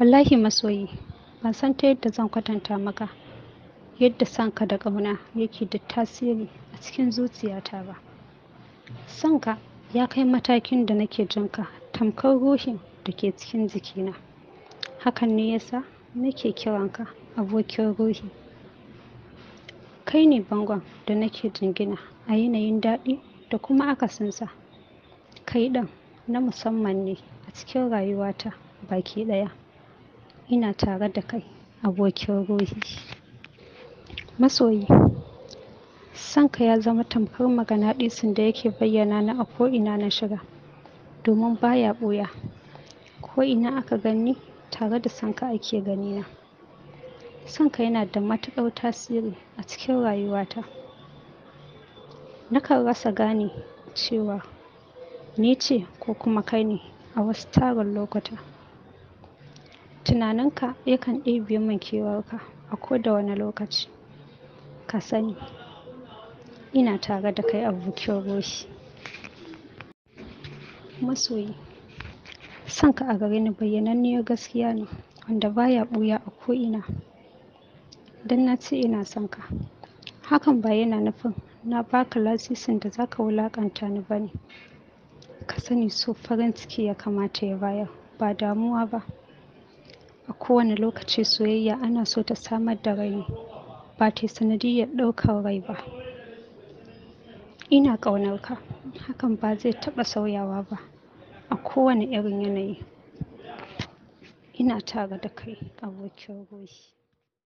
wallahi masoyi ban san ta yadda zan kwatanta maka yadda sanka da ƙauna yake da tasiri a cikin zuciyata ba sanka ya kai matakin da nake jinka tamkar ruhin da ke cikin jikina hakan ne yasa nake ka abokin ruhi kai ne bangon da nake jingina a yanayin daɗi da kuma akasinsa kai ɗan na musamman ne a cikin rayuwata baki ɗaya ina tare da kai abokin ruhi masoyi Sanka ya zama tamkar maganaɗisin da yake bayyana ni a ko'ina na shiga domin baya ɓuya ko'ina aka ganni tare da ka ake ganina Sanka yana da matuƙar tasiri a cikin rayuwata nakan rasa gane cewa ni ce ko kuma kai ne a wasu tarin lokuta tunaninka yakan ɗebe min kewarka a koda wani lokaci ka sani ina tare da kai abokin ruhi masoyi sanka a gare ni bayyananniyar gaskiya ne wanda baya ɓuya a ko'ina don na ce ina son ka hakan ba yana nufin na baka lasisin da zaka wulaƙanta ni ba ne ka sani so farin ciki ya kamata ya bayar ba damuwa ba A kowane lokaci soyayya ana so ta samar da rai ba sanadi sanadiyyar ɗaukar rai ba. Ina ƙaunar ka hakan ba zai taɓa sauyawa ba, a kowane irin yanayi. Ina tare da kai, abokin ruhi.